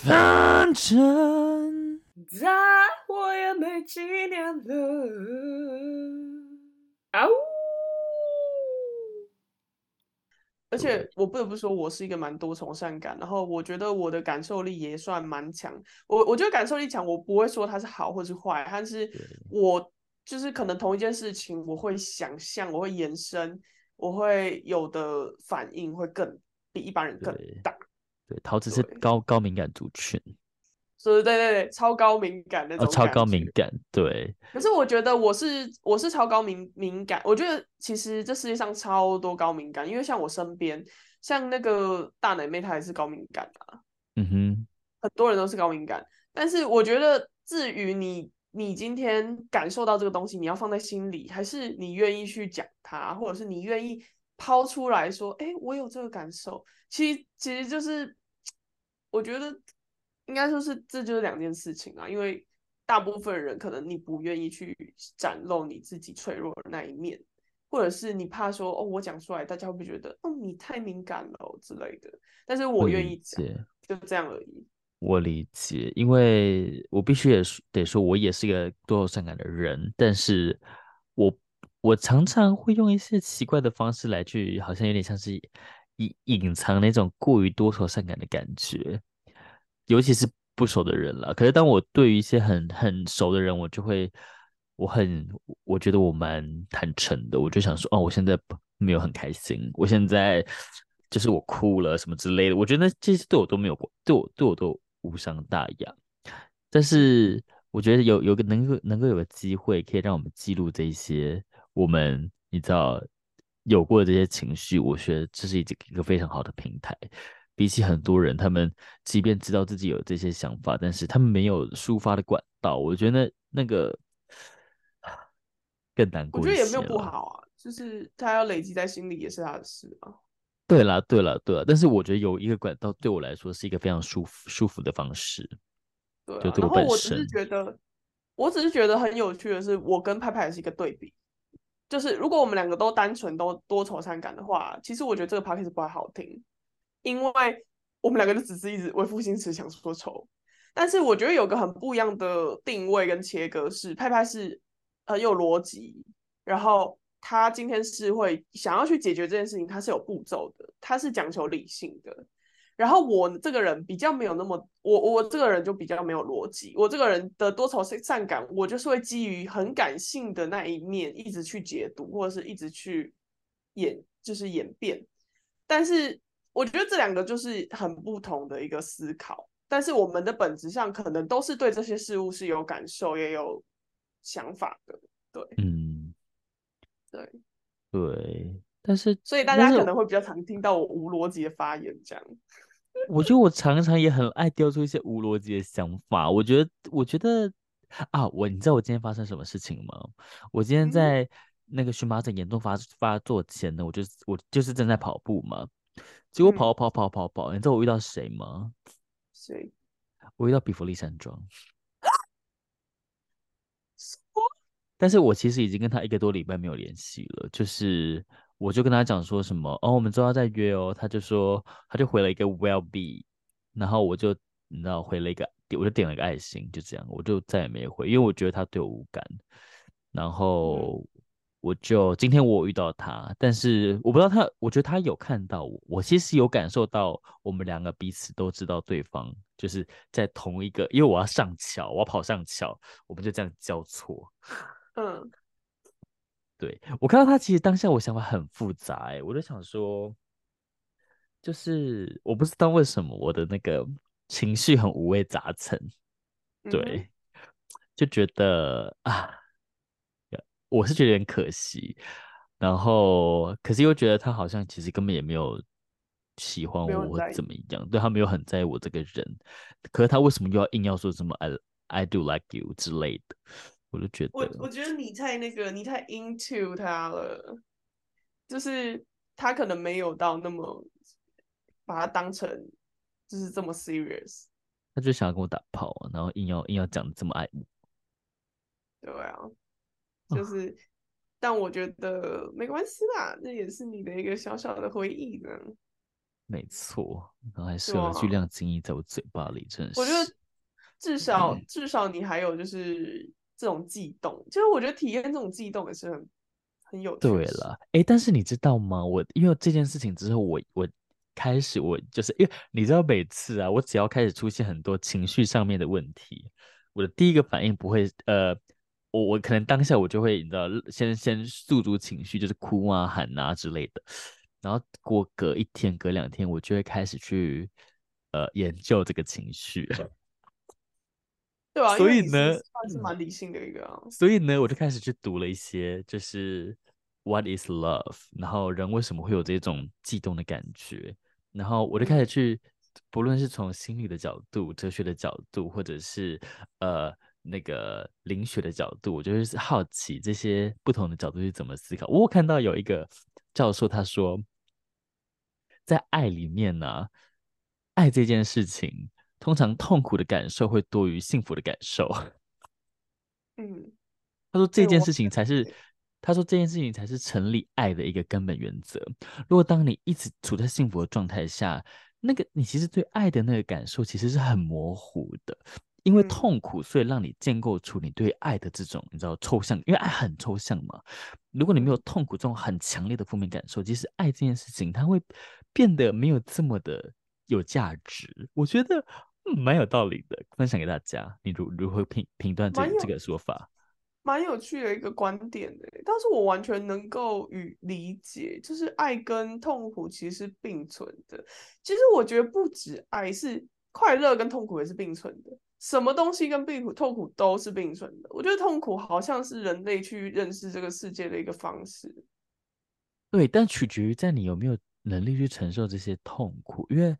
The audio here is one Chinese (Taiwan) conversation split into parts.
反正再活也沒幾年了啊嗚！而且我不得不說，我是一個蠻多愁善感，然後我覺得我的感受力也算蠻強。我我覺得感受力強，我不會說它是好或是壞，但是我就是可能同一件事情，我會想象，我會延伸，我會有的反應會更比一般人更大。對，桃子是高高，高敏感族群，是，對對對，超高敏感那種感、哦，超高敏感，對。可是我覺得我是我是超高敏敏感，我覺得其實這世界上超多高敏感，因為像我身邊，像那個大奶妹她也是高敏感啊，嗯哼，很多人都是高敏感。但是我覺得，至於你你今天感受到這個東西，你要放在心裡，還是你願意去講它，或者是你願意拋出來說，哎，我有這個感受。其實其實就是，我覺得應該說是這就是兩件事情啊，因為大部分人可能你不願意去展露你自己脆弱的那一面，或者是你怕說哦，我講出來大家會不會覺得哦，你太敏感了，哦，之類的。但是我願意講我，就這樣而已。我理解，因為我必須也得說我也是一個多愁善感的人，但是我我常常會用一些奇怪的方式來去，好像有點像是。隱隱藏那種過於多愁善感的感覺，尤其是不熟的人了。可是，當我對於一些很很熟的人，我就會，我很我覺得我蠻坦誠的。我就想說，哦，我現在沒有很開心，我現在就是我哭了什麼之類的。我覺得這些對我都沒有對我對我都無傷大雅。但是，我覺得有有個能夠能夠有個機會，可以讓我們記錄這些，我們你知道。有過的這些情緒，我覺得這是一個非常好的平台。比起很多人，他們即便知道自己有這些想法，但是他們沒有抒發的管道，我覺得那個更難過。我覺得也沒有不好啊，就是他要累積在心裡也是他的事啊。對啦，對啦，對啦，但是我覺得有一個管道對我來說是一個非常舒服舒服的方式。對啊，就對我本身，然後我只是覺得，我只是覺得很有趣的是，我跟派派是一個對比。就是如果我們兩個都單純都多愁善感的話，其實我覺得這個 podcast 不太好聽，因為我們兩個就只是一直為賦新詞想說愁。但是我覺得有個很不一樣的定位跟切割是派派是很有邏輯，然後他今天是會想要去解決這件事情，他是有步驟的，他是講求理性的。然後我這個人比較沒有那麼，我我這個人就比較沒有邏輯。我這個人的多愁善感，我就是會基於很感性的那一面一直去解讀，或者是一直去演，就是演變。但是我覺得這兩個就是很不同的一個思考。但是我們的本質上可能都是對這些事物是有感受，也有想法的。對，嗯，對，對，但是所以大家可能會比較常聽到我無邏輯的發言這樣。 我覺得我常常也很愛雕出一些無邏輯的想法。我覺得，我覺得啊，我你知道我今天發生什麼事情嗎？我今天在那個蕁麻疹嚴重發發作前呢，我就是、我就是正在跑步嘛，結果跑跑跑跑跑，你知道我遇到誰嗎？誰？我遇到比弗利山莊。 但是，我其實已經跟他一個多禮拜沒有聯繫了，就是。我就跟他講說什麼，哦，我們週二再約哦。他就說，他就回了一個 will be，然後我就你知道回了一個，我就點了一個愛心，就這樣，我就再也沒有回，因為我覺得他對我無感。然後我就今天我遇到他，但是我不知道他，我覺得他有看到我，我其實有感受到我們兩個彼此都知道對方，就是在同一個，因為我要上橋，我要跑上橋，我們就這樣交錯。嗯。對，我看到他，其實當下我想法很複雜，哎，我就想說，就是我不知道為什麼我的那個情緒很五味雜陳，對，mm -hmm. 就覺得啊，我是覺得很可惜，然後可是又覺得他好像其實根本也沒有喜歡我或怎麼樣，對他沒有很在意我這個人，可是他為什麼又要硬要說什麼 I I do like you 之類的？我就覺得，我我覺得你太那個，你太 into 他了，就是他可能沒有到那麼把他當成就是這麼 serious。他就想要跟我打炮，然後硬要硬要講的這麼愛我。對啊，就是，啊、但我覺得沒關係啦，這也是你的一個小小的回憶呢，啊。沒錯，然後還射了巨量精液在我嘴巴裡，啊，真的是。我覺得至少、嗯、至少你還有就是。這種悸動，其實我覺得體驗這種悸動也是很很有趣的。對了，哎、欸，但是你知道嗎？我因為我這件事情之後，我我開始我就是，因為你知道，每次啊，我只要開始出現很多情緒上面的問題，我的第一個反應不會，呃，我我可能當下我就會你知道，先先訴諸情緒，就是哭啊、喊啊之類的。然後過隔一天、隔兩天，我就會開始去呃研究這個情緒。對啊，所以呢，他，是蠻理性的一個、啊嗯。所以呢，我就開始去讀了一些，就是 “What is love？” 然後人為什麼會有這種悸動的感覺？然後我就開始去，不論是從心理的角度、哲學的角度，或者是呃那個靈學的角度，我就是好奇這些不同的角度去怎麼思考。我看到有一個教授他說，在愛裡面呢、啊，愛這件事情。通常痛苦的感受會多於幸福的感受。嗯，他說這件事情才是，他說這件事情才是成立愛的一個根本原則。如果當你一直處在幸福的狀態下，那個你其實對愛的那個感受其實是很模糊的。因為痛苦，所以讓你建構出你對愛的這種，你知道抽象。因為愛很抽象嘛。如果你沒有痛苦這種很強烈的負面感受，其實愛這件事情它會變得沒有這麼的有價值，我覺得。嗯，蠻有道理的，分享給大家。你如如何評評斷這這個說法？蠻有趣的一個觀點誒，但是我完全能夠與理解，就是愛跟痛苦其實是並存的。其實我覺得不止愛是快樂，跟痛苦也是並存的。什麼東西跟痛苦、痛苦都是並存的。我覺得痛苦好像是人類去認識這個世界的一個方式。對，但取決於在你有沒有能力去承受這些痛苦，因為。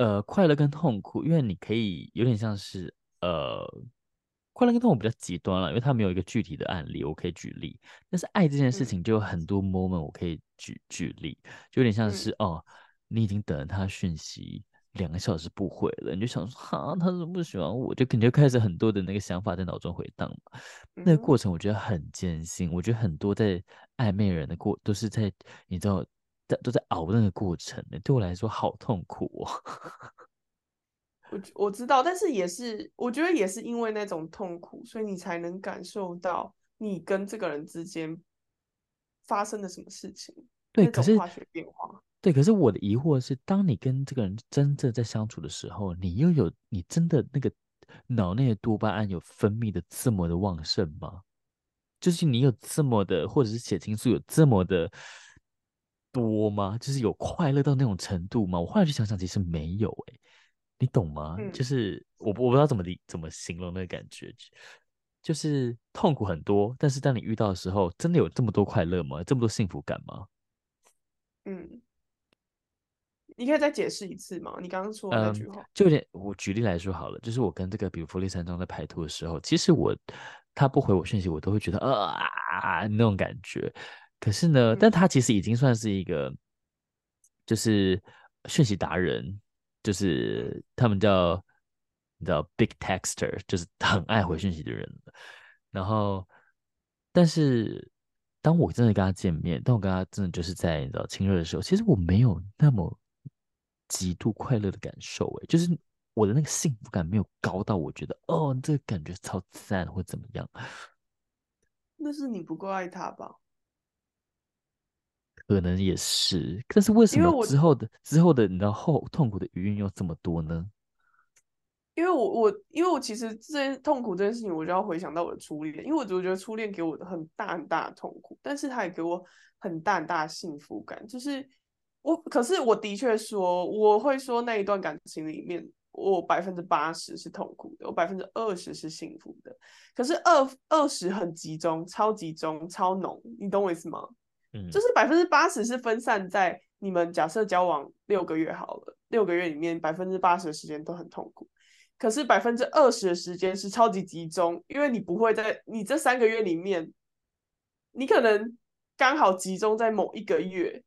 呃，快樂跟痛苦，因為你可以有點像是呃，快樂跟痛苦比較極端了，因為他沒有一個具體的案例，我可以舉例。但是愛這件事情就有很多 moment，我可以舉舉例，就有點像是哦，你已經等了他訊息兩個小時不回了，你就想說哈，他怎麼不喜歡我？就肯定就開始很多的那個想法在腦中回盪。那個過程我覺得很艱辛，我覺得很多在曖昧人的過都是在，你知道。都在熬那個過程呢，對我來說好痛苦哦。我我知道，但是也是，我覺得也是因為那種痛苦，所以你才能感受到你跟這個人之間發生了什麼事情。對，可是化學變化對。對，可是我的疑惑是，當你跟這個人真正在相處的時候，你又有你真的那個腦內的多巴胺有分泌的這麼的旺盛嗎？就是你有這麼的，或者是血清素有這麼的？多嗎？就是有快樂到那種程度嗎？我後來去想想，其實沒有哎、欸，你懂嗎？嗯、就是我我不知道怎麼怎麼形容那個感覺，就是痛苦很多，但是當你遇到的時候，真的有這麼多快樂嗎？這麼多幸福感嗎？嗯，你可以再解釋一次嗎？你剛剛說的那句話、嗯、就有點，我舉例來說好了，就是我跟這個比佛利山莊在拍拖的時候，其實我他不回我訊息，我都會覺得啊，啊，啊那種感覺。可是呢、嗯，但他其實已經算是一個，就是訊息達人，就是他們叫你知道 big texter，就是很愛回訊息的人。然後，但是當我真的跟他見面，當我跟他真的就是在你知道親熱的時候，其實我沒有那麼極度快樂的感受，哎，就是我的那個幸福感沒有高到我覺得哦，這個感覺超讚或怎麼樣。那是你不夠愛他吧？可能也是，可是為什麼我之後的之後的，然後痛苦的餘韻又這麼多呢？因為我我因為我其實這些痛苦這件事情，我就要回想到我的初戀，因為我我覺得初戀給我的很大很大的痛苦，但是它也給我很大很大的幸福感。就是我，可是我的確說，我會說那一段感情裡面，我百分之八十是痛苦的，我百分之二十是幸福的。可是二二十很集中，超集中，超濃，你懂我意思嗎？就是百分之八十是分散在你們假設交往六個月好了，六個月裡面百分之八十的時間都很痛苦，可是百分之二十的時間是超級集中，因為你不會在你這三個月裡面，你可能剛好集中在某一個月，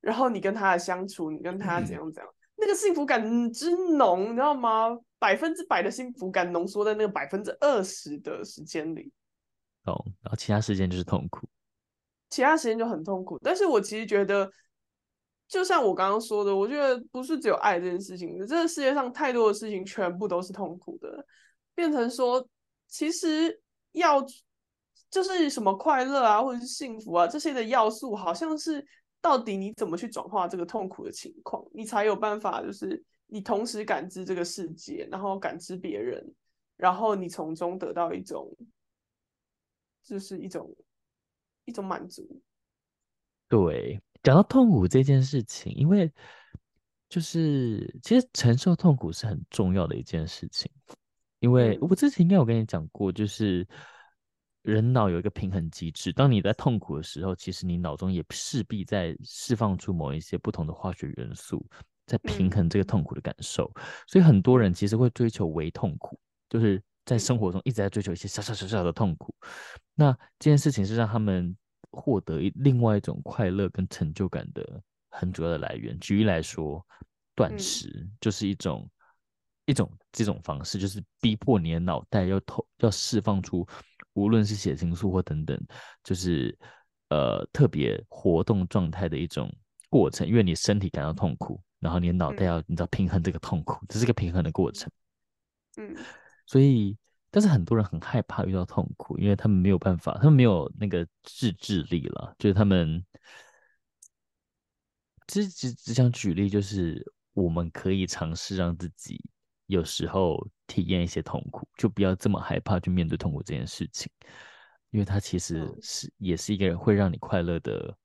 然後你跟他的相處，你跟他怎樣怎樣，嗯，那個幸福感之濃，你知道嗎？百分之百的幸福感濃縮在那個百分之二十的時間裡，哦，然後其他時間就是痛苦。其他時間就很痛苦，但是我其實覺得，就像我剛剛說的，我覺得不是只有愛這件事情，這個世界上太多的事情全部都是痛苦的，變成說，其實要就是什麼快樂啊，或者是幸福啊，這些的要素好像是到底你怎麼去轉化這個痛苦的情況，你才有辦法，就是你同時感知這個世界，然後感知別人，然後你從中得到一種，就是一種。一種滿足。對，講到痛苦這件事情，因為就是其實承受痛苦是很重要的一件事情。因為我之前應該有跟你講過，就是、嗯、人腦有一個平衡機制，當你在痛苦的時候，其實你腦中也勢必在釋放出某一些不同的化學元素，在平衡這個痛苦的感受。嗯、所以很多人其實會追求微痛苦，就是。在生活中一直在追求一些小小小小的痛苦，那這件事情是讓他們獲得一另外一種快樂跟成就感的很主要的來源。舉例來說，斷食就是一種一種這種方式，就是逼迫你的腦袋要透要釋放出，無論是血清素或等等，就是呃特別活動狀態的一種過程。因為你身體感到痛苦，然後你的腦袋要你知道平衡這個痛苦，這是一個平衡的過程。嗯。所以，但是很多人很害怕遇到痛苦，因為他們沒有辦法，他們沒有那個自制力了。就是他們只，其實只只想舉例，就是我們可以嘗試讓自己有時候體驗一些痛苦，就不要這麼害怕去面對痛苦這件事情，因為它其實是也是一個人會讓你快樂的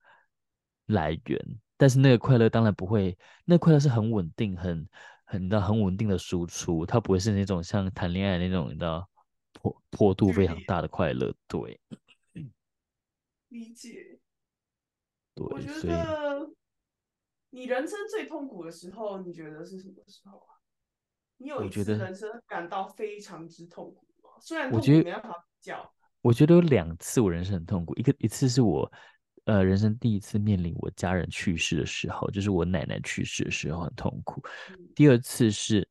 來源。但是那個快樂當然不會，那快樂是很穩定，很。.很的很穩定的輸出，它不會是那種像談戀愛的那種你知道，坡坡度非常大的快樂。對，理解。對，我覺得你人生最痛苦的時候，你覺得是什麼時候啊？你有覺得人生感到非常之痛苦嗎？雖然我覺得沒辦法比較，我覺得有兩次我人生很痛苦，一個一次是我。呃，人生第一次面臨我家人去世的時候，就是我奶奶去世的時候，很痛苦，嗯。第二次是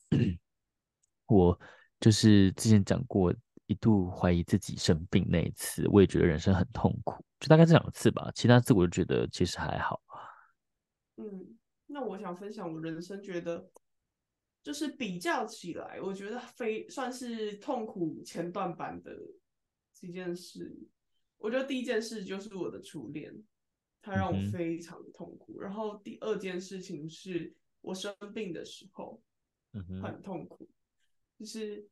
我就是之前講過，一度懷疑自己生病那一次，我也覺得人生很痛苦。就大概這兩次吧，其他次我就覺得其實還好。嗯，那我想分享我人生，覺得就是比較起來，我覺得非算是痛苦前段版的幾件事。我覺得第一件事就是我的初戀，他讓我非常痛苦。Uh-huh. 然後第二件事情是我生病的時候，很痛苦，uh-huh. 就是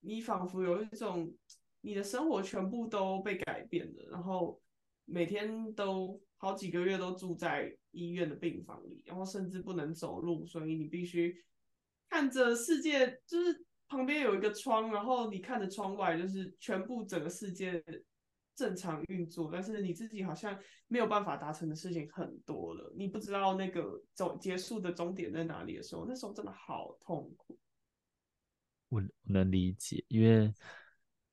你仿佛有一種你的生活全部都被改變了，然後每天都好幾個月都住在醫院的病房裡，然後甚至不能走路，所以你必須看着世界，就是旁邊有一個窗，然後你看着窗外，就是全部整個世界。正常運作，但是你自己好像沒有辦法達成的事情很多了。你不知道那個總結束的終點在哪裡的時候，那時候真的好痛苦。我我能理解，因為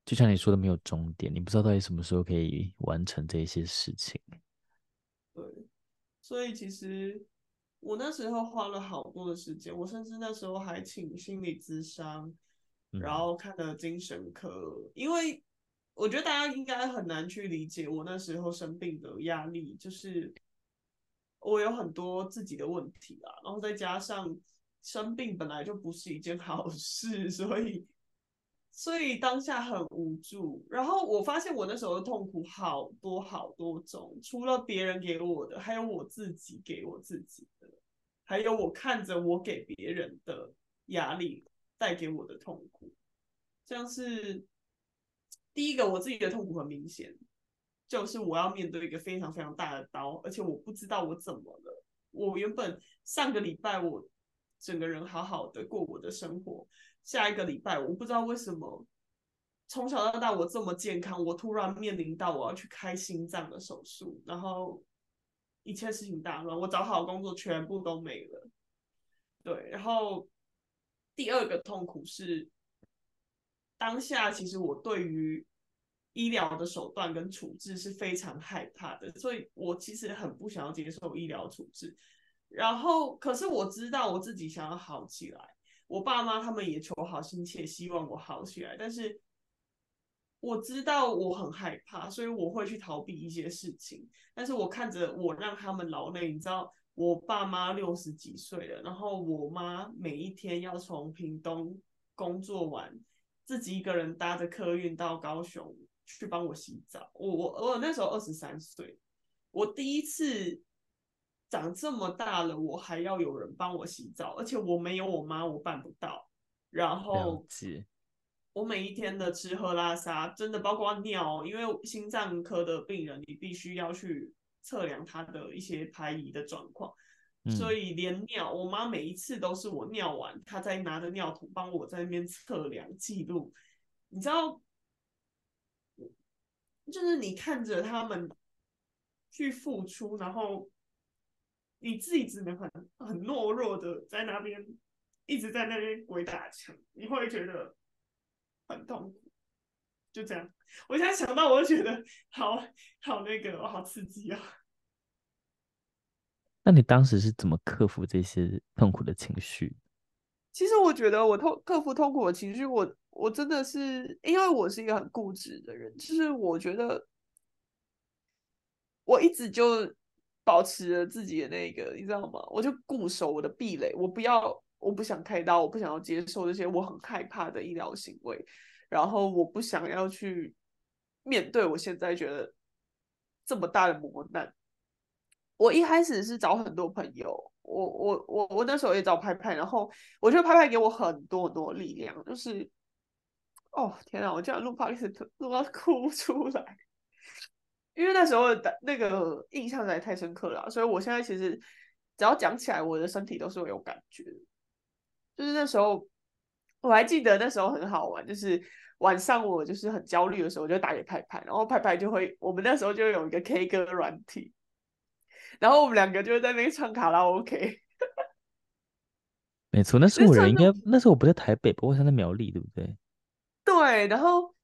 就像你說的，沒有終點，你不知道到底什麼時候可以完成這些事情。對，所以其實我那時候花了好多的時間，我甚至那時候還請心理諮商，然後看了精神科，嗯、因為。我覺得大家應該很難去理解我那時候生病的壓力，就是我有很多自己的問題啊，然後再加上生病本來就不是一件好事，所以所以當下很無助。然後我發現我那時候的痛苦好多好多種，除了別人給我的，還有我自己給我自己的，還有我看着我給別人的壓力帶給我的痛苦，像是。第一個，我自己的痛苦很明顯，就是我要面對一個非常非常大的刀，而且我不知道我怎麼了。我原本上個禮拜我整個人好好的過我的生活，下一個禮拜我不知道為什麼，從小到大我這麼健康，我突然面臨到我要去開心臟的手術，然後一切事情大亂，我找好工作全部都沒了。對，然後第二個痛苦是。當下其實我對於醫療的手段跟處置是非常害怕的，所以我其實很不想要接受醫療處置。然後，可是我知道我自己想要好起來，我爸媽他們也求好心切，希望我好起來。但是我知道我很害怕，所以我會去逃避一些事情。但是我看着我讓他們勞累，你知道，我爸媽六十幾歲了，然後我媽每一天要從屏東工作完，自己一個人搭着客運到高雄去幫我洗澡，我我我那時候二十三歲，我第一次長這麼大了，我還要有人幫我洗澡，而且我沒有我媽，我辦不到。然後，我每一天的吃喝拉撒，真的包括尿，因為心臟科的病人，你必須要去測量他的一些排遺的狀況。所以連尿，我媽每一次都是我尿完，她再拿着尿桶幫我在那邊測量記錄。你知道，就是你看着他們去付出，然後你自己只能很很懦弱的在那邊一直在那邊鬼打牆，你會覺得很痛苦。就這樣，我現在想到我就覺得好好那個，我好刺激啊！那你當時是怎麼克服這些痛苦的情緒？其實我覺得，我痛克服痛苦的情緒我，我我真的是因為我是一個很固執的人，就是我覺得我一直就保持了自己的那個，你知道嗎？我就固守我的壁壘，我不要，我不想開刀，我不想要接受這些我很害怕的醫療行為，然後我不想要去面對我現在覺得這麼大的磨難。我一開始是找很多朋友，我我我我那時候也找拍拍，然後我覺得拍拍給我很多很多力量，就是，哦天哪，我這樣錄怕是錄到哭出來，因為那時候的那個印象實在太深刻了，所以我現在其實只要講起來，我的身體都是會有感覺。就是那時候我還記得那時候很好玩，就是晚上我就是很焦慮的時候，我就打給拍拍，然後拍拍就會，我們那時候就有一個 K 歌軟體。然後我們兩個就在那邊唱卡拉 OK， 沒錯。那時候我人應該那時候我不在台北，不過他在苗栗，對不對？對。然後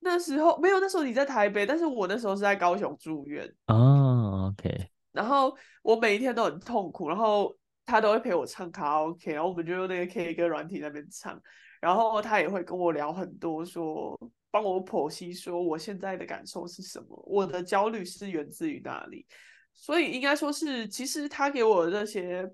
那時候沒有，那時候你在台北，但是我那時候是在高雄住院啊。Oh, OK。然後我每一天都很痛苦，然後他都會陪我唱卡拉 OK，然後我們就用那個 K 歌軟體在那邊唱，然後他也會跟我聊很多說，說幫我剖析說我現在的感受是什麼，我的焦慮是源自於哪裡。所以應該說是，其實他給我的這些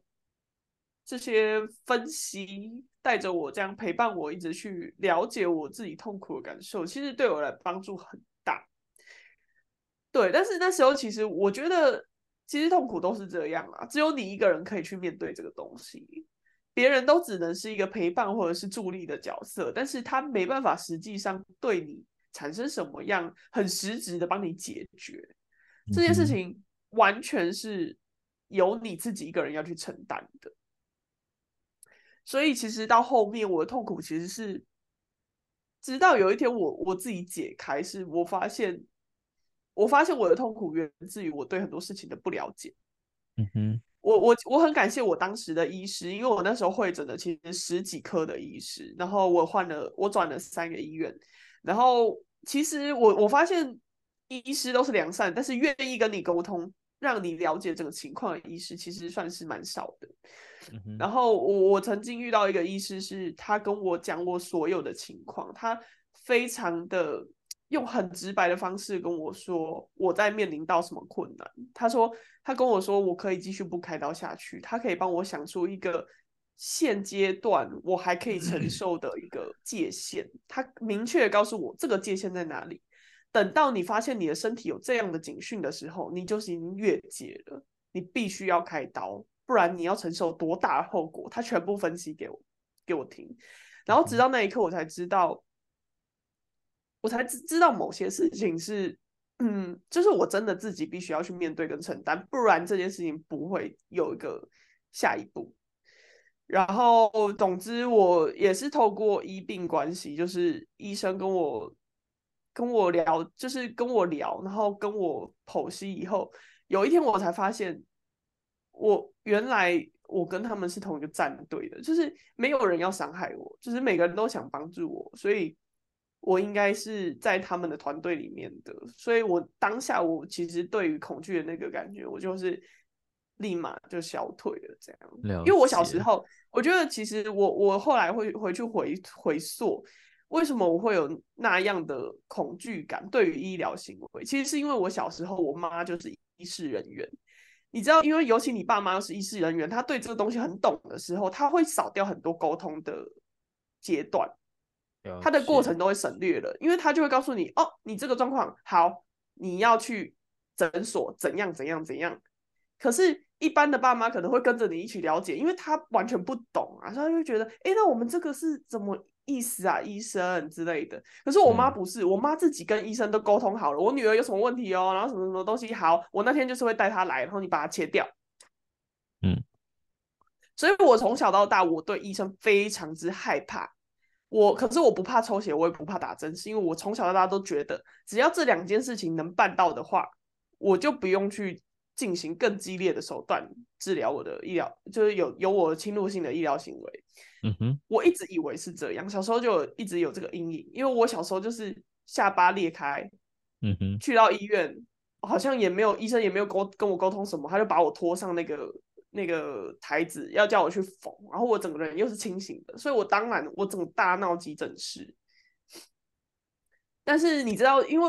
這些分析，帶着我這樣陪伴，我一直去了解我自己痛苦的感受，其實對我來幫助很大。對，但是那時候其實我覺得，其實痛苦都是這樣啊，只有你一個人可以去面對這個東西，別人都只能是一個陪伴或者是助力的角色，但是他沒辦法實際上對你產生什麼樣很實質的幫你解決、嗯、這件事情。完全是由你自己一個人要去承擔的，所以其實到後面我的痛苦其實，是直到有一天我我自己解開，是我發現，我發現我的痛苦源自於我對很多事情的不了解。嗯哼，我我我很感謝我當時的醫師，因為我那時候會診的其實十幾科的醫師，然後我換了我轉了三個醫院，然後其實我我發現醫師都是良善，但是願意跟你溝通。讓你了解這個情況的醫師，其實算是蠻少的。嗯、然後我我曾經遇到一個醫師，是他跟我講我所有的情況，他非常的用很直白的方式跟我說我在面臨到什麼困難。他說他跟我說我可以繼續不開刀下去，他可以幫我想出一個現階段我還可以承受的一個界限。 他明確告訴我這個界限在哪裡。等到你發現你的身體有這樣的警訊的時候，你就是已經越界了，你必須要開刀，不然你要承受多大的後果？他全部分析給我，給我聽，然後直到那一刻，我才知道，我才知知道某些事情是，嗯，就是我真的自己必須要去面對跟承擔，不然這件事情不會有一個下一步。然後，總之，我也是透過醫病關係，就是醫生跟我。跟我聊，就是跟我聊，然後跟我剖析以後，有一天我才發現，我原來我跟他們是同一個戰隊的，就是沒有人要傷害我，就是每個人都想幫助我，所以我應該是在他們的團隊裡面的。所以我當下我其實對於恐懼的那個感覺，我就是立馬就消退了，這樣。因為我小時候，我覺得其實我我後來會回去回回溯。為什麼我會有那樣的恐懼感？對於醫療行為，其實是因為我小時候，我媽就是醫事人員。你知道，因為尤其你爸媽又是醫事人員，他對這個東西很懂的時候，他會少掉很多溝通的階段，他的過程都會省略了，了解。因為他就會告訴你：“哦，你這個狀況好，你要去診所怎樣怎樣怎樣。”可是，一般的爸媽可能會跟着你一起了解，因為他完全不懂啊，所以他就覺得：“哎、欸，那我們這個是怎麼？”意思啊，醫生之類的。可是我媽不是，嗯、我媽自己跟醫生都溝通好了。我女兒有什麼問題哦，然後什麼什麼東西，好，我那天就是會帶她來，然後你把它切掉。嗯，所以我從小到大，我對醫生非常之害怕。我可是我不怕抽血，我也不怕打針，是因為我從小到大都覺得，只要這兩件事情能辦到的話，我就不用去。進行更激烈的手段治療我的醫療，就是有有我侵入性的醫療行為、嗯。我一直以為是這樣，小時候就一直有這個陰影，因為我小時候就是下巴裂開。嗯、去到醫院好像也沒有醫生，也沒有溝跟我溝通什麼，他就把我拖上那個那個檯子，要叫我去縫，然後我整個人又是清醒的，所以我當然我整個大鬧急診室。但是你知道，因為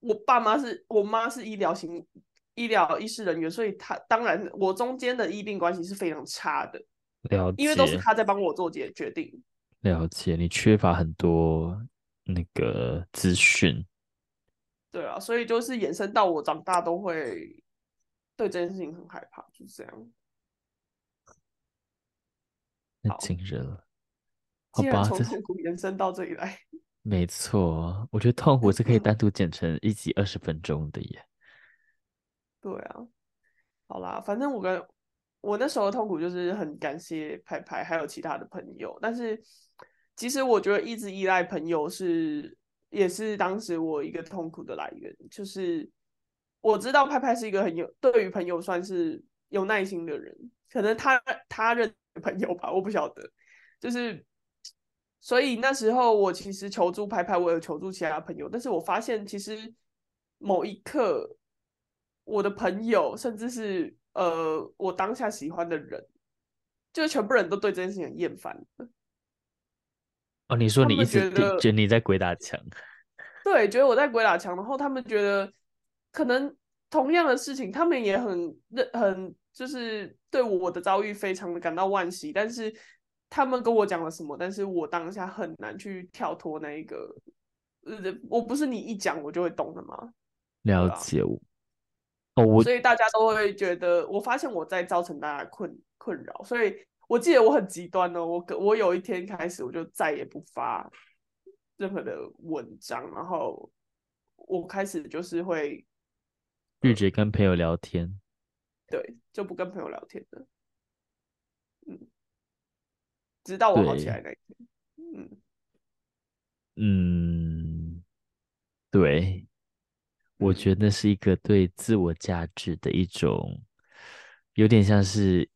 我爸媽是我媽是醫療型。醫療醫師人員，所以他當然，我中間的醫病關係是非常差的。了解，因為都是他在幫我做決決定。了解，你缺乏很多那個資訊。對啊，所以就是延伸到我長大都會對這件事情很害怕，就是，這樣。太驚人了！好吧，竟然從痛苦延伸到這裡來。沒錯，我覺得痛苦是可以單獨剪成一集二十分鐘的耶。對啊，好啦，反正我跟我那時候的痛苦就是很感謝拍拍還有其他的朋友，但是其實我覺得一直依賴朋友是也是當時我一個痛苦的來源，就是我知道拍拍是一個很有對於朋友算是有耐心的人，可能他他認的朋友吧，我不曉得，就是所以那時候我其實求助拍拍，我有求助其他朋友，但是我發現其實某一刻。我的朋友，甚至是呃，我當下喜歡的人，就全部人都對這件事情很厭煩。哦，你說你一直覺得，覺得你在鬼打牆，對，覺得我在鬼打牆。然後他們覺得，可能同樣的事情，他們也很認，很就是對我的遭遇非常的感到惋惜。但是他們跟我講了什麼，但是我當下很難去跳脫那一個。呃，就是，我不是你一講我就會懂的嗎？了解我。哦、所以大家都會覺得，我發現我在造成大家困困擾，所以我記得我很極端哦，我我有一天開始，我就再也不發任何的文章，然後我開始就是會一直跟朋友聊天，對，就不跟朋友聊天的、嗯，直到我好起來那一天，嗯嗯，對。我覺得是一個對自我價值的一種，有點像是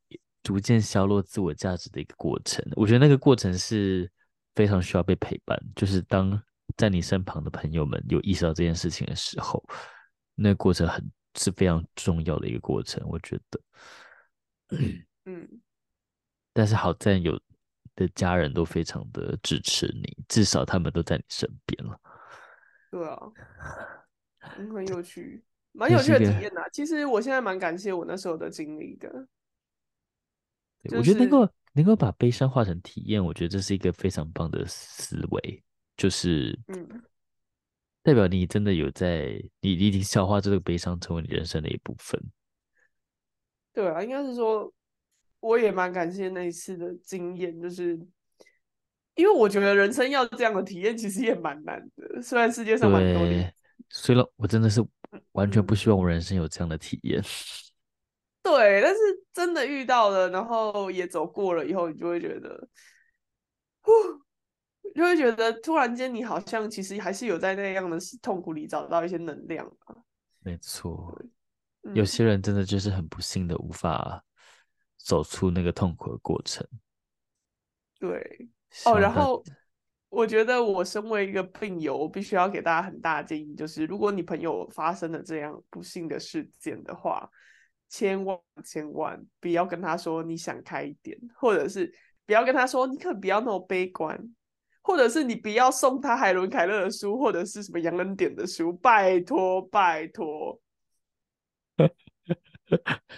逐漸消落自我價值的一個過程。我覺得那個過程是非常需要被陪伴，就是當在你身旁的朋友們有意識到這件事情的時候，那個、過程很是非常重要的一個過程。我覺得，嗯，但是好在有的家人都非常的支持你，至少他們都在你身邊了。對、嗯、啊。 嗯、很有趣，蠻有趣的體驗的、啊。其實我現在蠻感謝我那時候的經歷的。就是、我覺得能夠能夠把悲傷化成體驗，我覺得這是一個非常棒的思維。就是，嗯，代表你真的有在，你已經消化這個悲傷，成為你人生的一部分。對啊，應該是說，我也蠻感謝那一次的經驗，就是因為我覺得人生要這樣的體驗，其實也蠻難的。雖然世界上蠻多人。雖然我真的是完全不希望我人生有這樣的體驗。嗯，對，但是真的遇到了，然後也走過了以後，你就會覺得，呼，就會覺得突然間你好像其實還是有在那樣的痛苦裡找到一些能量、啊。沒錯，有些人真的就是很不幸的，無法走出那個痛苦的過程。嗯，對，哦，然後。我覺得我身為一個病友，我必須要給大家很大的建議，就是如果你朋友發生了這樣不幸的事件的話，千萬千萬不要跟他說你想開一點，或者是不要跟他說你可不要那麼悲觀，或者是你不要送他海倫·凱勒的書或者是什麼楊恩典的書，拜托拜托，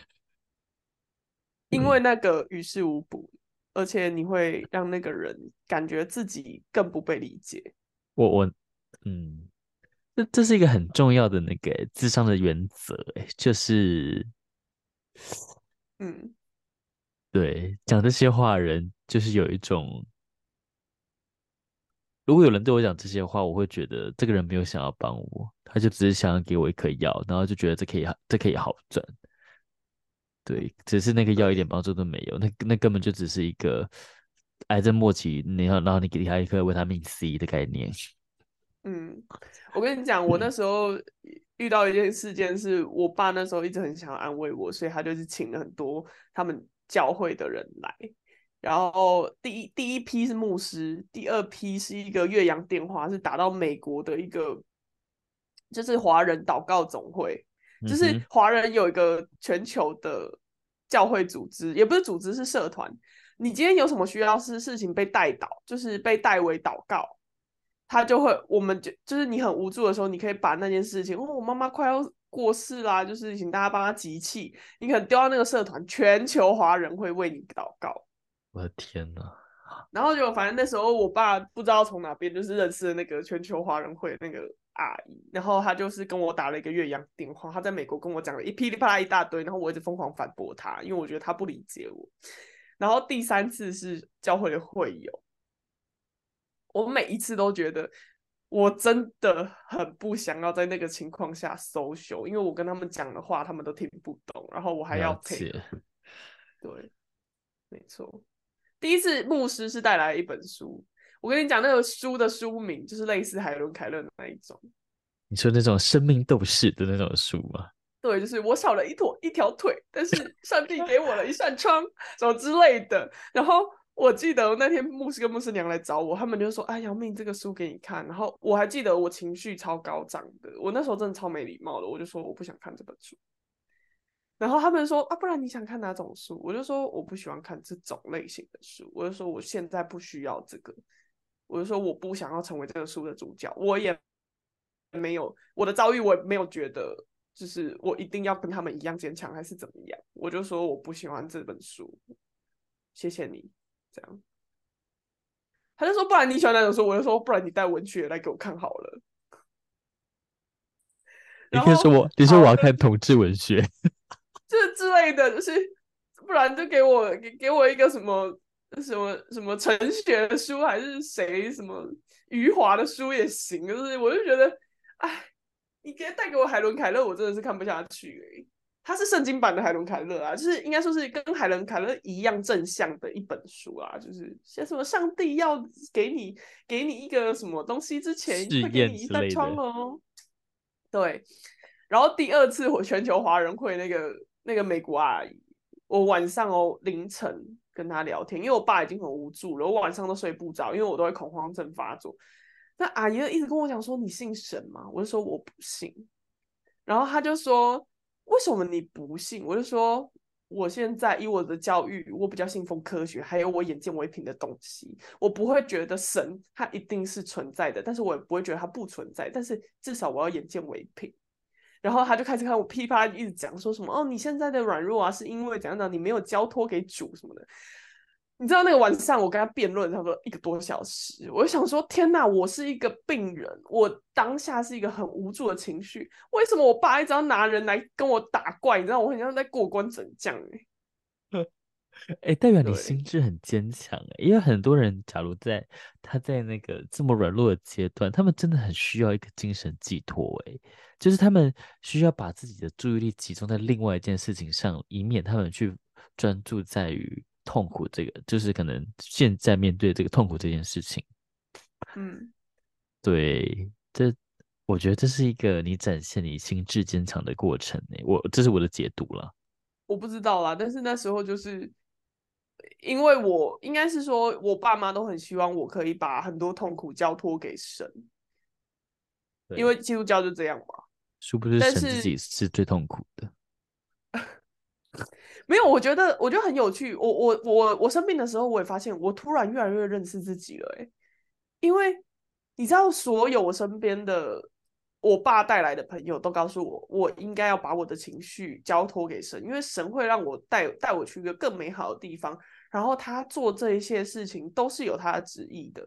因為那個於事無補。而且你會讓那個人感覺自己更不被理解。我我嗯，這這是一個很重要的那個欸、諮商的、原則，欸、就是嗯，對，講這些話的人就是有一種，如果有人對我講這些話，我會覺得這個人沒有想要幫我，他就只是想要給我一顆藥，然後就覺得這可以這可以好轉。對，只是那個藥一點幫助都沒有，那那根本就只是一個癌症末期，然後然後你給他一顆維他命 C 的概念。嗯，我跟你講，我那時候遇到一件事件，是我爸那時候一直很想安慰我，所以他就是請了很多他們教會的人來，然後第一第一批是牧師，第二批是一個越洋電話，是打到美國的一個，就是華人禱告總會，就是華人有一個全球的。教會組織，也不是組織，是社團，你今天有什麼需要是事情被代禱，就是被代為禱告，他就會，我們就就是你很無助的時候，你可以把那件事情，哦，我媽媽快要過世啦，啊，就是請大家幫他集氣。你可能丟到那個社團，全球華人會為你禱告。我的天哪！然後就反正那時候我爸不知道從哪邊就是認識了那個全球華人會那個。然後他就是跟我打了一個越洋電話，他在美國跟我講了一噼里啪啦一大堆，然後我一直瘋狂反駁他，因為我覺得他不理解我。然後第三次是教會的會友，我每一次都覺得我真的很不想要在那個情況下 social，因為我跟他們講的話他們都聽不懂，然後我還要陪。對，沒錯。第一次牧師是帶來一本書。我跟你講，那個書的書名就是類似海倫凱勒的那一種。你說那種生命鬥士的那種書嗎？對，就是我少了一坨一條腿，但是上帝給我了一扇窗， 什麼之類的。然後我記得那天牧師跟牧師娘來找我，他們就說：“啊，楊敏，這個書給你看。”然後我還記得我情緒超高漲的，我那時候真的超沒禮貌的，我就說我不想看這本書。然後他們說：“啊，不然你想看哪種書？”我就說我不喜歡看這種類型的書，我就說我現在不需要這個。我就說我不想要成為這個書的主角，我也沒有我的遭遇，我也沒有覺得就是我一定要跟他們一樣堅強還是怎麼樣。我就說我不喜歡這本書，謝謝你這樣。他就說不然你喜歡哪種書？我就說不然你帶文學來給我看好了。你可以說我、嗯，你說我要看同志文學，這之類的，就是不然就給我給給我一個什麼。什麼什麼陳雪的書還是誰什麼余華的書也行，就是我就覺得，哎，你別帶給我海倫凱勒，我真的是看不下去。他是聖經版的海倫凱勒啊，就是應該說是跟海倫凱勒一樣正向的一本書啊，就是像什麼上帝要給你給你一個什麼東西之前會給你一扇窗哦。對，然後第二次我全球華人會那個那個美國阿、啊、姨，我晚上哦凌晨。跟他聊天，因為我爸已經很無助了，我晚上都睡不着，因為我都會恐慌症發作。那阿姨就一直跟我講說：“你信神嗎？”我就說我不信。然後他就說：“為什麼你不信？”我就說：“我現在以我的教育，我比較信奉科學，還有我眼見為憑的東西，我不會覺得神它一定是存在的，但是我也不會覺得他不存在。但是至少我要眼見為憑。”然後他就開始看我噼啪一直講說什麼哦，你現在的軟弱啊，是因為怎樣你沒有交托給主什麼的。你知道那個晚上我跟他辯論，差不多一個多小時，我就想說天哪，我是一個病人，我當下是一個很無助的情緒，為什麼我爸一直要拿人來跟我打怪？你知道我很像在過關斬將誒欸，代表你心智很堅強欸，因為很多人，假如在他在那個這麼軟弱的階段，他們真的很需要一個精神寄托欸，就是他們需要把自己的注意力集中在另外一件事情上，以免他們去專注在於痛苦這個，就是可能現在面對這個痛苦這件事情。嗯，對，這我覺得這是一個你展現你心智堅強的過程欸，我這是我的解讀了，我不知道啦，但是那時候就是。因為我應該是說，我爸媽都很希望我可以把很多痛苦交托給神，因為基督教就這樣嘛。殊不知，神自己是最痛苦的。 沒有，我覺得我覺得很有趣。我我我我生病的時候，我也發現我突然越來越認識自己了。因為你知道，所有我身邊的。我爸帶來的朋友都告訴我，我應該要把我的情緒交托給神，因為神會讓我帶帶我去一個更美好的地方。然後他做這一些事情都是有他的旨意的。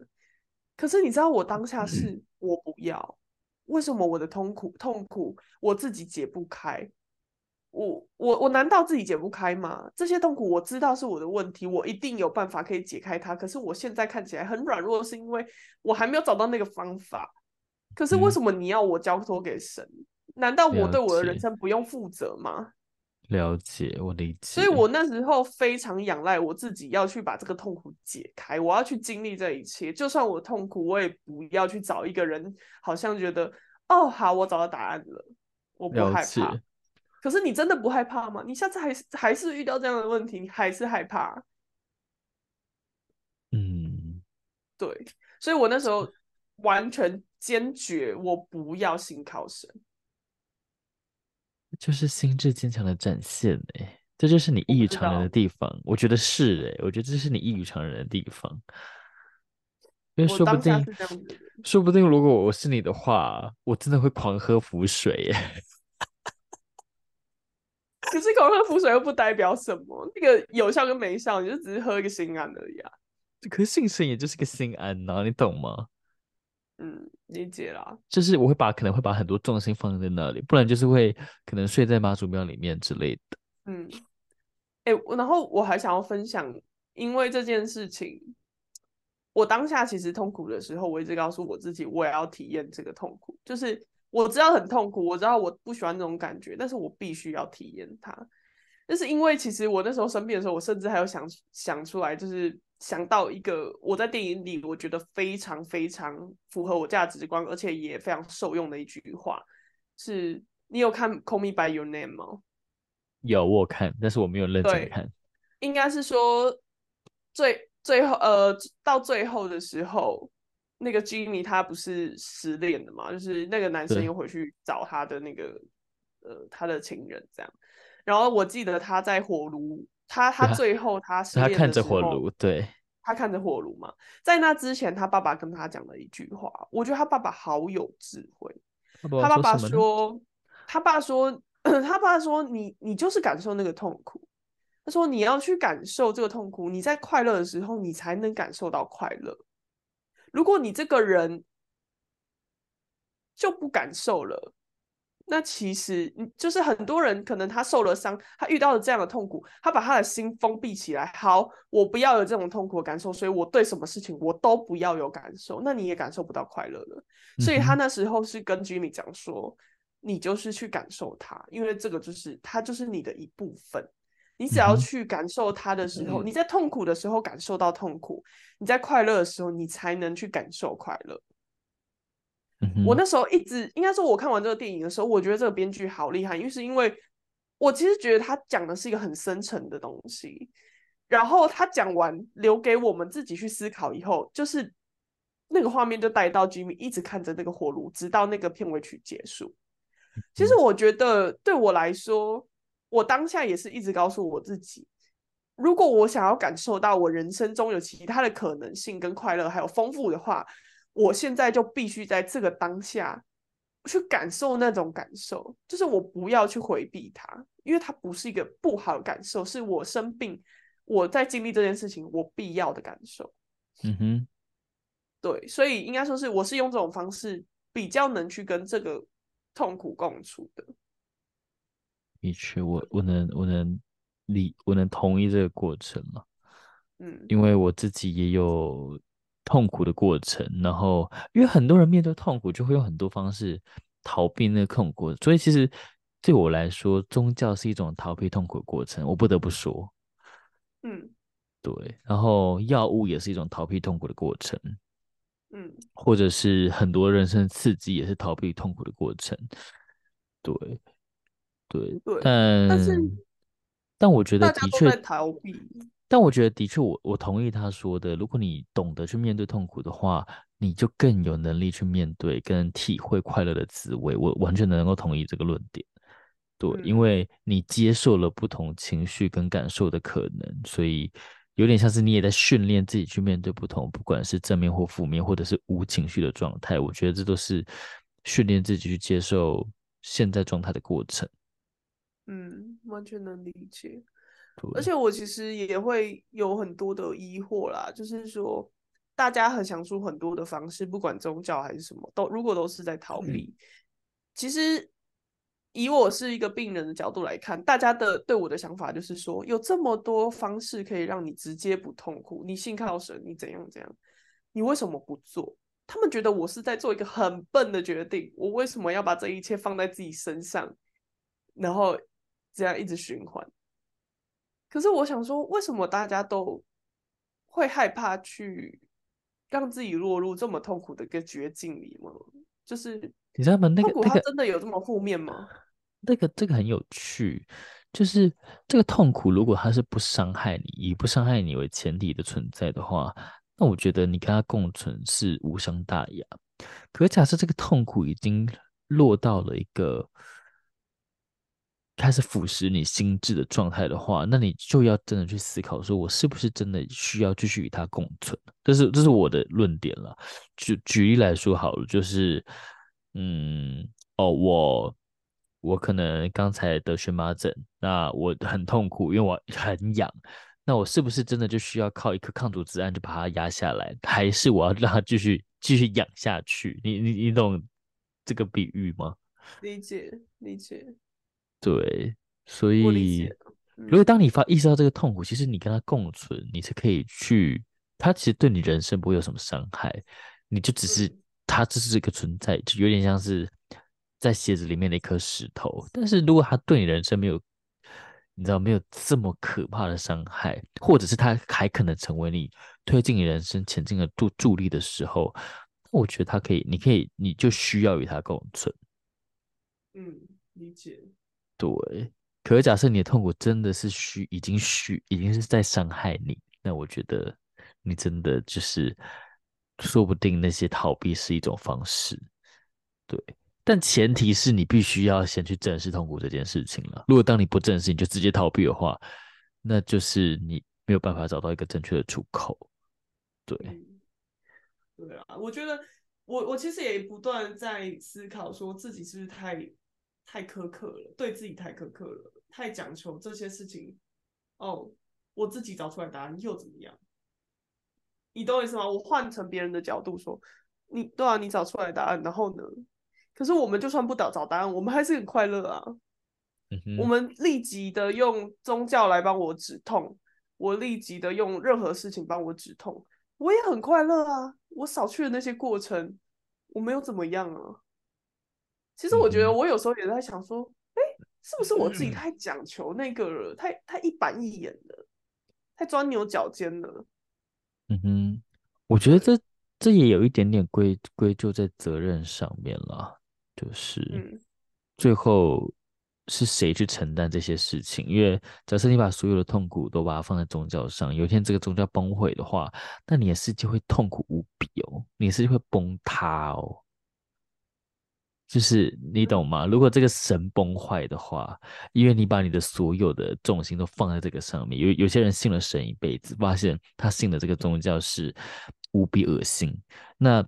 可是你知道我當下是，我不要。為什麼我的痛苦痛苦我自己解不開？我我我難道自己解不開嗎？這些痛苦我知道是我的問題，我一定有辦法可以解開它。可是我現在看起來很軟弱，是因為我還沒有找到那個方法。可是為什麼你要我交托給神？嗯，難道我對我的人生不用負責嗎？了解，我理解。所以我那時候非常仰賴我自己，要去把這個痛苦解開，我要去經歷這一切。就算我痛苦，我也不要去找一個人，好像覺得哦，好，我找到答案了，我不害怕。可是你真的不害怕嗎？你下次還是還是遇到這樣的問題，你還是害怕？嗯，對。所以我那時候完全。.堅決，我不要信靠神，就是心智堅強的展現哎、欸，這就是你異於常人的地方。我，我覺得是誒、欸，我覺得這是你異於常人的地方，因為說不定，說不定如果我是你的話，我真的會狂喝符水、欸。 可是狂喝符水又不代表什麼，那 個有效跟沒效，你就只是喝一個心安而已啊。可是信神也就是個心安啊，你懂嗎？嗯，理解啦、啊。就是我會把可能會把很多重心放在那裡，不然就是會可能睡在媽祖廟裡面之類的。嗯、欸，然後我還想要分享，因為這件事情，我當下其實痛苦的時候，我一直告訴我自己，我也要體驗這個痛苦。就是我知道很痛苦，我知道我不喜歡那種感覺，但是我必須要體驗它。但是因為其實我那時候生病的時候，我甚至還有想想出來，就是。想到一個我在電影裡我覺得非常非常符合我價值觀，而且也非常受用的一句話，是你有看《Call Me By Your Name》嗎？有我看，但是我沒有認真看。應該是說最最後呃到最後的時候，那個 Jimmy 他不是失戀了嘛？就是那個男生又回去找他的那個呃他的情人這樣。然後我記得他在火爐。他他最後他是，他看着火爐，對，他看着火爐嘛。在那之前，他爸爸跟他講了一句話，我覺得他爸爸好有智慧。他爸爸說，說，他爸說，他爸說，爸說你你就是感受那個痛苦。他說，你要去感受這個痛苦，你在快樂的時候，你才能感受到快樂。如果你這個人就不感受了。那其實，就是很多人，可能他受了傷，他遇到了這樣的痛苦，他把他的心封閉起來。好，我不要有這種痛苦的感受，所以我對什麼事情我都不要有感受，那你也感受不到快樂了。所以他那時候是跟 Jimmy 講說，你就是去感受它，因為這個就是它就是你的一部分。你只要去感受它的時候，你在痛苦的時候感受到痛苦，你在快樂的時候，你才能去感受快樂。 我那時候一直應該說，我看完這個電影的時候，我覺得這個編劇好厲害，因為是因為我其實覺得他講的是一個很深層的東西。然後他講完，留給我們自己去思考以後，就是那個畫面就帶到吉米一直看着那個火爐，直到那個片尾曲結束。其實我覺得對我來說，我當下也是一直告訴我自己，如果我想要感受到我人生中有其他的可能性，跟快樂還有豐富的話。我現在就必須在這個當下去感受那種感受，就是我不要去回避它，因為它不是一個不好的感受，是我生病，我在經歷這件事情，我必要的感受。嗯哼，對，所以應該說是我是用這種方式比較能去跟這個痛苦共處的。你去，我我能我能理，我能同意這個過程嗎？嗯，因為我自己也有。痛苦的過程，然後因為很多人面對痛苦就會用很多方式逃避那個痛苦，所以其實對我來說，宗教是一種逃避痛苦的過程。我不得不說，嗯，對。然後藥物也是一種逃避痛苦的過程，嗯，或者是很多人生刺激也是逃避痛苦的過程，對，對對。但但，但我覺得的確逃避。但我覺得的確我，我我同意他說的。如果你懂得去面對痛苦的話，你就更有能力去面對跟體會快樂的滋味。我完全能夠同意這個論點。對，因為你接受了不同情緒跟感受的可能，所以有點像是你也在訓練自己去面對不同，不管是正面或負面，或者是無情緒的狀態。我覺得這都是訓練自己去接受現在狀態的過程。嗯，完全能理解。而且我其實也會有很多的疑惑啦，就是說，大家很想出很多的方式，不管宗教還是什麼，都如果都是在逃避。其實，以我是一個病人的角度來看，大家的對我的想法就是說，有這麼多方式可以讓你直接不痛苦，你信靠神，你怎樣怎樣，你為什麼不做？他們覺得我是在做一個很笨的決定，我為什麼要把這一切放在自己身上，然後這樣一直循環。可是我想說，為什麼大家都會害怕去讓自己落入這麼痛苦的一個絕境裡嗎？就是你知道嗎？那個那個，它真的有這麼負面嗎？那個這個很有趣，就是這個痛苦，如果它是不傷害你，以不傷害你為前提的存在的話，那我覺得你跟他共存是無傷大雅。可是假設這個痛苦已經落到了一個。開始腐蝕你心智的狀態的話，那你就要真的去思考，說我是不是真的需要繼續與它共存？這是這是我的論點了。舉舉例來說好了，就是，嗯，哦，我我可能剛才得蕁麻疹，那我很痛苦，因為我很癢。那我是不是真的就需要靠一顆抗組織胺就把它壓下來，還是我要讓它繼續繼續癢下去？你你你懂這個比喻嗎？理解理解。對，所以、嗯、如果當你發意識到這個痛苦，其實你跟他共存，你是可以去。他其實對你人生不會有什麼傷害，你就只是、嗯、他只是一個存在，就有點像是在鞋子裡面的一顆石頭。但是如果他對你人生沒有，你知道沒有這麼可怕的傷害，或者是他還可能成為你推進你人生前進的助助力的時候，那我覺得他可以，你可以，你就需要與他共存。嗯，理解。對，可是假設你的痛苦真的是虛，已經虛，已經是在傷害你，那我覺得你真的就是，說不定那些逃避是一種方式，對，但前提是你必須要先去正視痛苦這件事情了。如果當你不正視，你就直接逃避的話，那就是你沒有辦法找到一個正確的出口。對，嗯、對啊，我覺得我我其實也不斷在思考，說自己是不是太。太苛刻了，對自己太苛刻了，太講求這些事情。哦，我自己找出來答案又怎麼樣？你懂我意思嗎？我換成別人的角度說，你對啊，你找出來答案，然後呢？可是我們就算不找找答案，我們還是很快樂啊。嗯。我們立即的用宗教來幫我止痛，我立即的用任何事情幫我止痛，我也很快樂啊。我少去了那些過程，我沒有怎麼樣啊。其實我覺得，我有時候也在想說，嗯、誒，是不是我自己太講求那個了，嗯？太太一板一眼了，太鑽牛角尖了。嗯哼，我覺得這這也有一點點歸歸咎在責任上面了，就是、嗯、最後是誰去承擔這些事情？因為假設你把所有的痛苦都把它放在宗教上，有一天這個宗教崩毀的話，那你的世界會痛苦無比哦，你的世界會崩塌哦。就是你懂嗎？如果這個神崩壞的話，因為你把你的所有的重心都放在這個上面，有有些人信了神一輩子，發現他信的這個宗教是無比噁心，那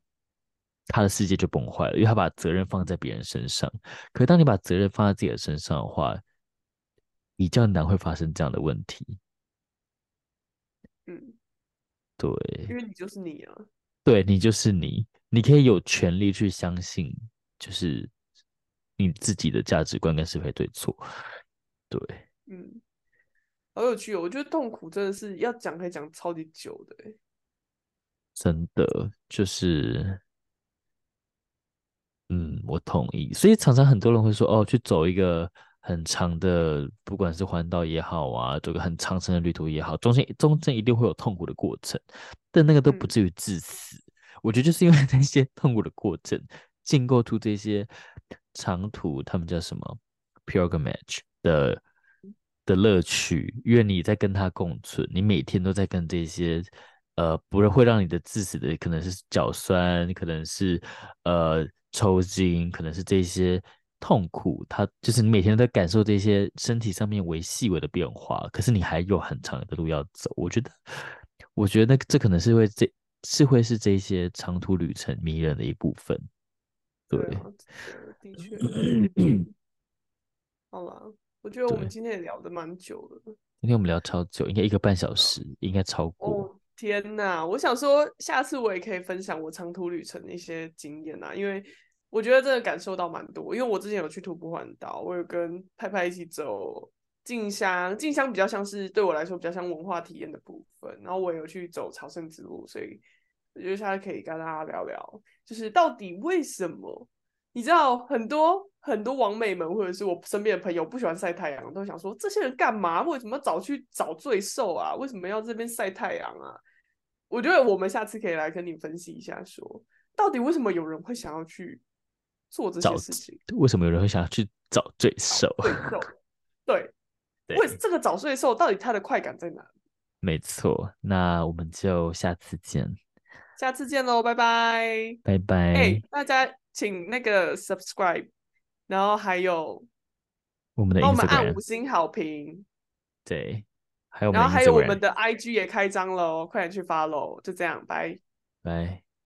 他的世界就崩壞了，因為他把責任放在別人身上。可是當你把責任放在自己的身上的話，比較難會發生這樣的問題。嗯，對，因為你就是你啊，對，你就是你，你可以有權利去相信。就是你自己的價值觀跟是非對錯，對，嗯，好有趣哦。我覺得痛苦真的是要講可以講超級久的，欸，真的就是，嗯，我同意。所以常常很多人會說，哦，去走一個很長的，不管是環島也好啊，走個很長程的旅途也好，中間中間一定會有痛苦的過程，但那個都不至於致死。嗯。我覺得就是因為那些痛苦的過程。進過途這些長途，他們叫什麼 pilgrimage 的的樂趣，願你在跟他共存，你每天都在跟這些呃，不是會讓你的致死的，可能是腳酸，可能是呃抽筋，可能是這些痛苦，它就是你每天在感受這些身體上面微細微的變化，可是你還有很長的路要走，我覺得，我覺得那這可能是會這是會是這些長途旅程迷人的一部分。對，對，的確， 好了，我覺得我們今天也聊得蠻久了。今天我們聊超久，應該一個半小時，應該超過。哦，天哪！我想說，下次我也可以分享我長途旅程的一些經驗啊，因為我覺得真的感受到蠻多。因為我之前有去徒步環島，我有跟拍拍一起走靜香，靜香比較像是對我來說比較像文化體驗的部分。然後我也有去走朝聖之路，所以。我覺得下次可以跟大家聊聊，就是到底為什麼你知道很多很多網美們，或者是我身邊的朋友不喜歡曬太陽，都想說這些人幹嘛？為什麼早去找罪受啊？為什麼要這邊曬太陽啊？我覺得我們下次可以來跟你分析一下說，說到底為什麼有人會想要去做這些事情？為什麼有人會想要去找罪受？對，對為什麼這個找罪受到底他的快感在哪裡？沒錯，那我們就下次見。下次見嘍，拜拜，拜拜、欸。大家請那個 subscribe，然後還有我們的幫我們按五星好評，對，還有我們的，然後還有我們的 IG 也開張嘍，快點去 follow，就這樣，拜拜。拜拜。